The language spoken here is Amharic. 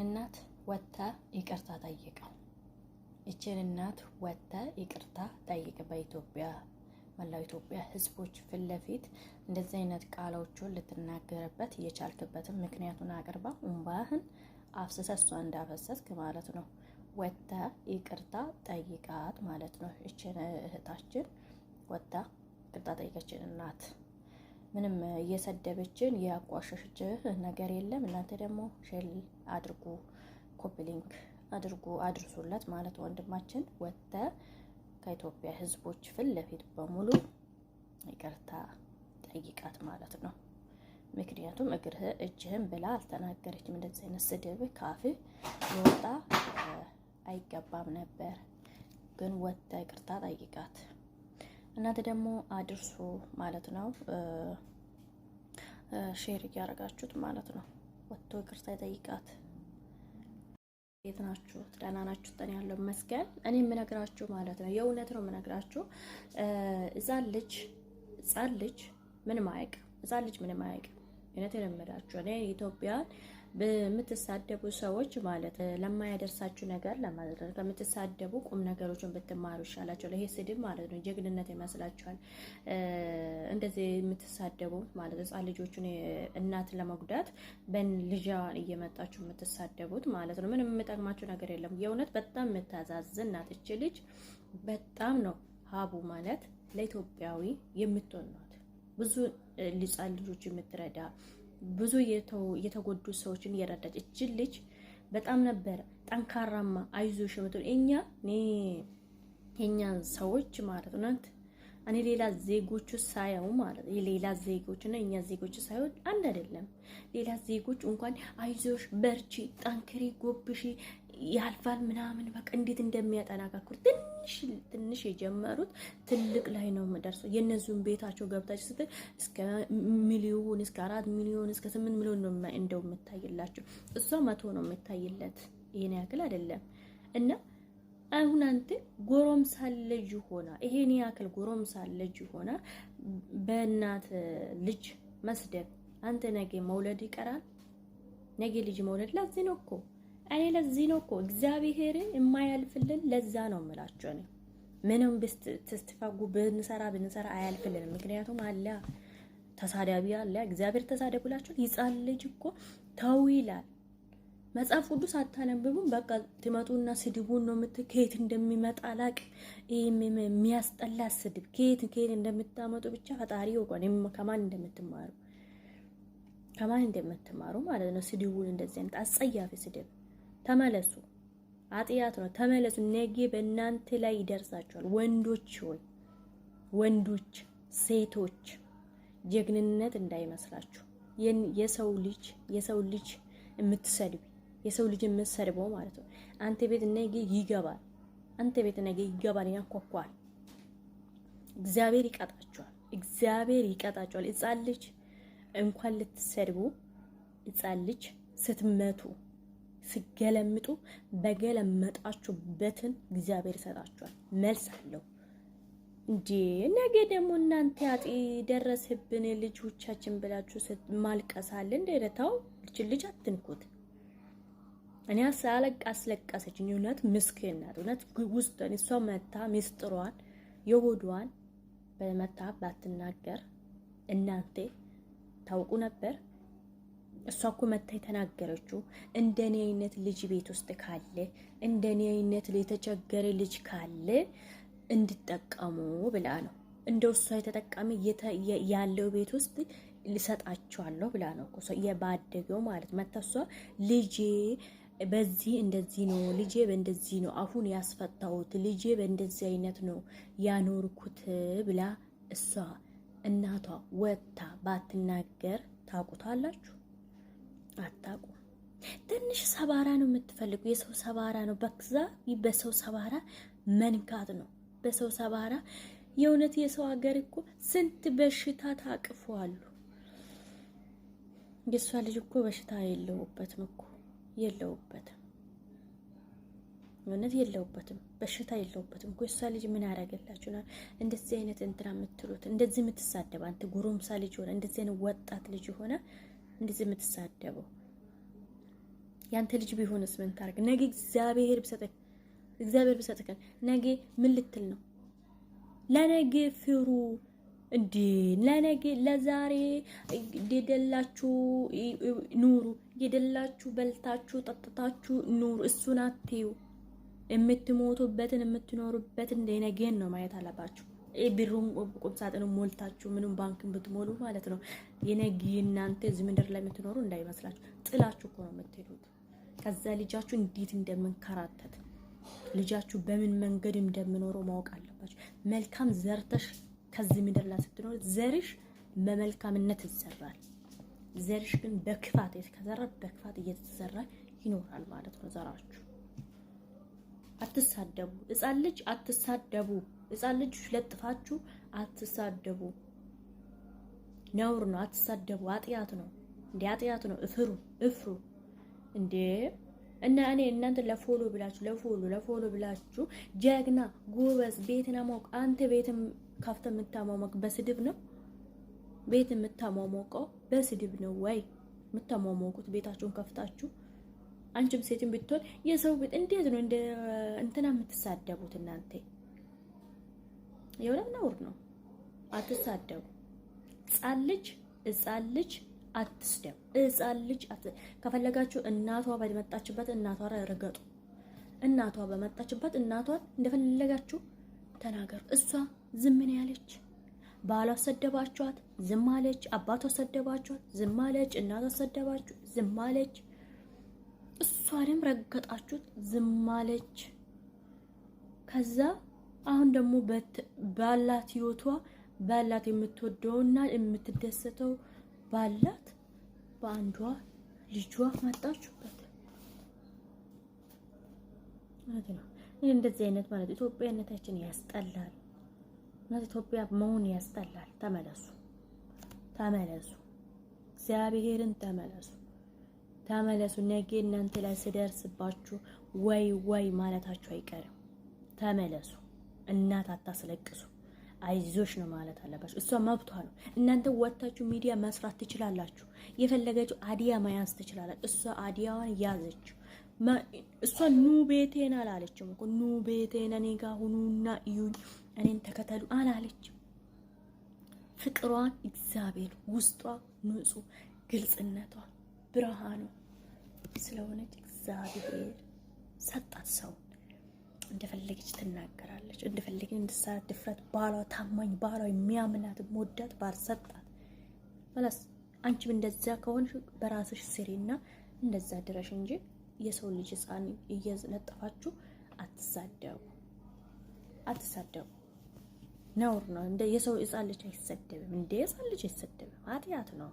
እናት ወጥታ ይቅርታ ጠይቀው ይችን እናት ወጥታ ይቅርታ ጠይቅ። በኢትዮጵያ መላው ኢትዮጵያ ህዝቦች ፊት ለፊት እንደዚህ አይነት ቃሎቹን ልትናገርበት እየቻልክበትም ምክንያቱን አቅርባ እንባህን አፍስሰ እሷ እንዳፈሰስክ ማለት ነው። ወጥታ ይቅርታ ጠይቃት ማለት ነው። ይችን እህታችን ወጥታ ይቅርታ ጠይቀችን እናት ምንም እየሰደበችን ያቋሸሸችህ ነገር የለም። እናንተ ደግሞ ሼል አድርጉ፣ ኮፕሊንክ አድርጉ፣ አድርሱለት ማለት ወንድማችን ወጥተ ከኢትዮጵያ ሕዝቦች ፊት ለፊት በሙሉ ይቅርታ ጠይቃት ማለት ነው። ምክንያቱም እግርህ እጅህን ብላ አልተናገረችም። እንደዚህ አይነት ስድብህ ካፍህ አይገባም ነበር፣ ግን ወጥተ ይቅርታ ጠይቃት። እናንተ ደግሞ አድርሱ ማለት ነው። ሼር እያደረጋችሁት ማለት ነው። ወጥቶ ይቅርታ ይጠይቃት። ቤት ናችሁ? ደህና ናችሁ? ጠን ያለው መስገን እኔ የምነግራችሁ ማለት ነው። የእውነት ነው የምነግራችሁ። ህፃን ልጅ ህፃን ልጅ ምንም አያውቅም። ህፃን ልጅ ምንም አያውቅም። እውነት ነው እኔ ኢትዮጵያን በምትሳደቡ ሰዎች ማለት ለማያደርሳችሁ ነገር ለማድረግ ከምትሳደቡ ቁም ነገሮችን ብትማሩ ይሻላችኋል። ይሄ ስድብ ማለት ነው፣ ጀግንነት ይመስላችኋል። እንደዚህ የምትሳደቡ ማለት ህጻን ልጆቹን እናት ለመጉዳት በን ልጃዋን እየመጣችሁ የምትሳደቡት ማለት ነው። ምንም የምጠቅማችሁ ነገር የለም። የእውነት በጣም የምታዛዝ እናት እች ልጅ በጣም ነው። ሀቡ ማለት ለኢትዮጵያዊ የምትሆን ናት። ብዙ ህጻን ልጆች የምትረዳ ብዙ የተጎዱ ሰዎችን እየረዳች እች ልጅ በጣም ነበረ ጠንካራማ። አይዞሽ የምትሆን እኛ የኛ ሰዎች ማለት ነት እኔ ሌላ ዜጎቹ ሳየው ማለት የሌላ ዜጎች እና የኛ ዜጎች ሳይሆን አንድ አይደለም። ሌላ ዜጎች እንኳን አይዞሽ፣ በርቺ፣ ጠንክሪ፣ ጎብሺ፣ ያልፋል ምናምን በቃ እንዴት እንደሚያጠናካክሩ ትንሽ ትንሽ የጀመሩት ትልቅ ላይ ነው የምደርሰው። የእነዚሁን ቤታቸው ገብታች ስት እስከ ሚሊዮን እስከ አራት ሚሊዮን እስከ ስምንት ሚሊዮን ነው እንደው የምታይላቸው። እሷ መቶ ነው የምታይለት። ይሄን ያክል አይደለም እና አሁን አንተ ጎረምሳ ልጅ ሆና ይሄን ያክል ጎረምሳ ልጅ ሆና በእናት ልጅ መስደብ አንተ ነገ መውለድ ይቀራል። ነገ ልጅ መውለድ ላዚህ ነው እኮ እኔ ለዚህ ነው እኮ እግዚአብሔር የማያልፍልን። ለዛ ነው የምላችሁ እኔ ምንም ብትስተፋጉ ብንሰራ ብንሰራ አያልፍልን። ምክንያቱም አለ ተሳዳቢ አለ እግዚአብሔር ተሳደቡላችሁ ይጻል ልጅ እኮ ተው ይላል መጽሐፍ ቅዱስ አታነብቡም? በቃ ትመጡና ስድቡን ነው ምት ከየት እንደሚመጣ ላቅ የሚያስጠላ ስድብ ከየት ከየት እንደምታመጡ ብቻ ፈጣሪ ይወቀን። ከማን እንደምትማሩ ከማን እንደምትማሩ ማለት ነው። ስድቡን እንደዚህ አይነት አጸያፊ ስድብ ተመለሱ። አጥያት ነው። ተመለሱ። ነገ በእናንተ ላይ ይደርሳቸዋል። ወንዶች ሆይ ወንዶች፣ ሴቶች ጀግንነት እንዳይመስላችሁ። የሰው ልጅ የሰው ልጅ የምትሰድብ የሰው ልጅ የምትሰድበው ማለት ነው። አንተ ቤት ነገ ይገባል። አንተ ቤት ነገ ይገባል፣ ያንኳኳል። እግዚአብሔር ይቀጣችኋል። እግዚአብሔር ይቀጣችኋል። ሕፃን ልጅ እንኳን ልትሰድቡ ሕፃን ልጅ ስትመቱ ስገለምጡ በገለመጣችሁበትን እግዚአብሔር ይሰጣችኋል። መልስ አለው እንዴ! ነገ ደግሞ እናንተ ያጢ ደረስህብን ልጆቻችን ብላችሁ ማልቀሳል። እንደረታው ልጅ አትንኩት። እኔ አሳለቅ አስለቀሰችኝ። እውነት ምስኪን ናት። እውነት ውስጥን እሷ መታ ሚስጥሯን የሆዷን በመታ ባትናገር እናንተ ታውቁ ነበር። እሷ እኮ መታ የተናገረችው እንደኔ አይነት ልጅ ቤት ውስጥ ካለ እንደኔ አይነት የተቸገረ ልጅ ካለ እንድጠቀሙ ብላ ነው። እንደው እሷ የተጠቃሚ ያለው ቤት ውስጥ ልሰጣቸዋለሁ ብላ ነው እኮ የባደገው ማለት መታ እሷ ልጄ በዚህ እንደዚህ ነው ልጄ በእንደዚህ ነው አሁን ያስፈታሁት ልጄ በእንደዚህ አይነት ነው ያኖርኩት ብላ እሷ እናቷ ወጥታ ባትናገር ታውቁታላችሁ። አታቁ ትንሽ ሰባራ ነው የምትፈልጉ። የሰው ሰባራ ነው በክዛ በሰው ሰባራ መንካት ነው በሰው ሰባራ። የእውነት የሰው ሀገር እኮ ስንት በሽታ ታቅፎ አሉ። የእሷ ልጅ እኮ በሽታ የለውበትም እኮ የለውበትም፣ እውነት የለውበትም፣ በሽታ የለውበትም እኮ የእሷ ልጅ ምን ያደረገላችሁና እንደዚህ አይነት እንትና የምትሉት እንደዚህ የምትሳደብ አንተ ጉሩምሳ ልጅ ሆነ እንደዚህ አይነት ወጣት ልጅ ሆነ እንደዚህ የምትሳደበው? ያንተ ልጅ ቢሆንስ ምን ታርግ? ነገ እግዚአብሔር ብሰጠህ እግዚአብሔር ብሰጠከ ነገ ምን ልትል ነው? ለነገ ፍሩ እንዴ! ለነገ ለዛሬ የደላችሁ ኑሩ፣ የደላችሁ በልታችሁ ጠጥታችሁ ኑሩ። እሱን አትዩ። የምትሞቱበትን የምትኖሩበትን ነገን ነው ማየት አለባችሁ። ብሩም ቁም ሳጥን ሞልታችሁ ምንም ባንክን ብትሞሉ ማለት ነው የነግ እናንተ እዚህ ምድር ላይ የምትኖሩ እንዳይመስላችሁ ጥላችሁ እኮ ነው የምትሄዱት። ከዛ ልጃችሁ እንዴት እንደምንከራተት ልጃችሁ በምን መንገድ እንደምኖረው ማወቅ አለባችሁ። መልካም ዘርተሽ ከዚህ ምድር ላይ ስትኖር ዘርሽ በመልካምነት ይዘራል። ዘርሽ ግን በክፋት የተዘራ በክፋት እየተዘራ ይኖራል ማለት ነው ዘራችሁ። አትሳደቡ፣ ህፃን ልጅ አትሳደቡ። ህፃን ልጅ ለጥፋችሁ አትሳደቡ። ነውር ነው። አትሳደቡ። አጥያት ነው እንዴ! አጥያት ነው። እፍሩ እፍሩ እንዴ! እና እኔ እናንተ ለፎሎ ብላችሁ ለፎሎ ለፎሎ ብላችሁ ጀግና ጎበዝ ቤትን አሞቅ አንተ ቤትም ከፍተ የምታሟሟቅ በስድብ ነው። ቤት የምታሟሟቀው በስድብ ነው ወይ የምታሟሟቁት? ቤታችሁን ከፍታችሁ አንቺም ሴትም ብትሆን የሰው ቤት እንዴት ነው እንደ እንትና የምትሳደቡት እናንተ? የእውነት ነውር ነው። አትሳደቡ። ህጻን ልጅ ህጻን ልጅ አትስደቡ። ልጅ ከፈለጋችሁ እናቷ በመጣችበት እናቷ ረገጡ። እናቷ በመጣችበት እናቷን እንደፈለጋችሁ ተናገሩ። እሷ ዝም ነው ያለች። ባሏ ሰደባችኋት፣ ዝም አለች። አባቷ ሰደባችኋት፣ ዝም አለች። እናቷ ሰደባችሁ፣ ዝም አለች። እሷንም ረገጣችሁት፣ ዝም አለች። ከዛ አሁን ደግሞ ባላት ህይወቷ ባላት የምትወደውና የምትደሰተው ባላት በአንዷ ልጇ መጣችሁበት ማለት ነው። ይህ እንደዚህ አይነት ማለት ኢትዮጵያነታችን ያስጠላል። ማለት ኢትዮጵያ መሆን ያስጠላል። ተመለሱ፣ ተመለሱ፣ እግዚአብሔርን ተመለሱ፣ ተመለሱ። ነገ እናንተ ላይ ስደርስባችሁ ወይ ወይ ማለታችሁ አይቀርም። ተመለሱ። እናት አታስለቅሱ፣ አይዞሽ ነው ማለት አለባችሁ። እሷ መብቷ ነው። እናንተ ወታችሁ ሚዲያ መስራት ትችላላችሁ። የፈለገችው አዲያ መያዝ ትችላላችሁ። እሷ አዲያዋን ያዘችው። እሷ ኑ ቤቴን አላለችም እኮ ኑ ቤቴን እኔ ጋር ሁኑና እዩኝ፣ እኔን ተከተሉ አላለችም። ፍቅሯን እግዚአብሔር ውስጧ ንጹ ግልጽነቷ ብርሃኑ ስለሆነች እግዚአብሔር ሰጣት ሰው እንደፈለገች ትናገራለች። እንደፈለገች እንድትሰራ ድፍረት ባሏ ታማኝ ባሏ የሚያምናት መወዳት ባል ሰጣት። በላስ አንቺም እንደዚያ ከሆንሽ በራስሽ ስሪና እንደዛ ድረሽ እንጂ የሰው ልጅ ሕፃን እየነጠፋችሁ አትሳደቡ፣ አትሳደቡ። ነውር ነው። እንደ የሰው ሕፃን ልጅ አይሰደብም። እንደ ሕፃን ልጅ አይሰደብም። ኃጢአት ነው።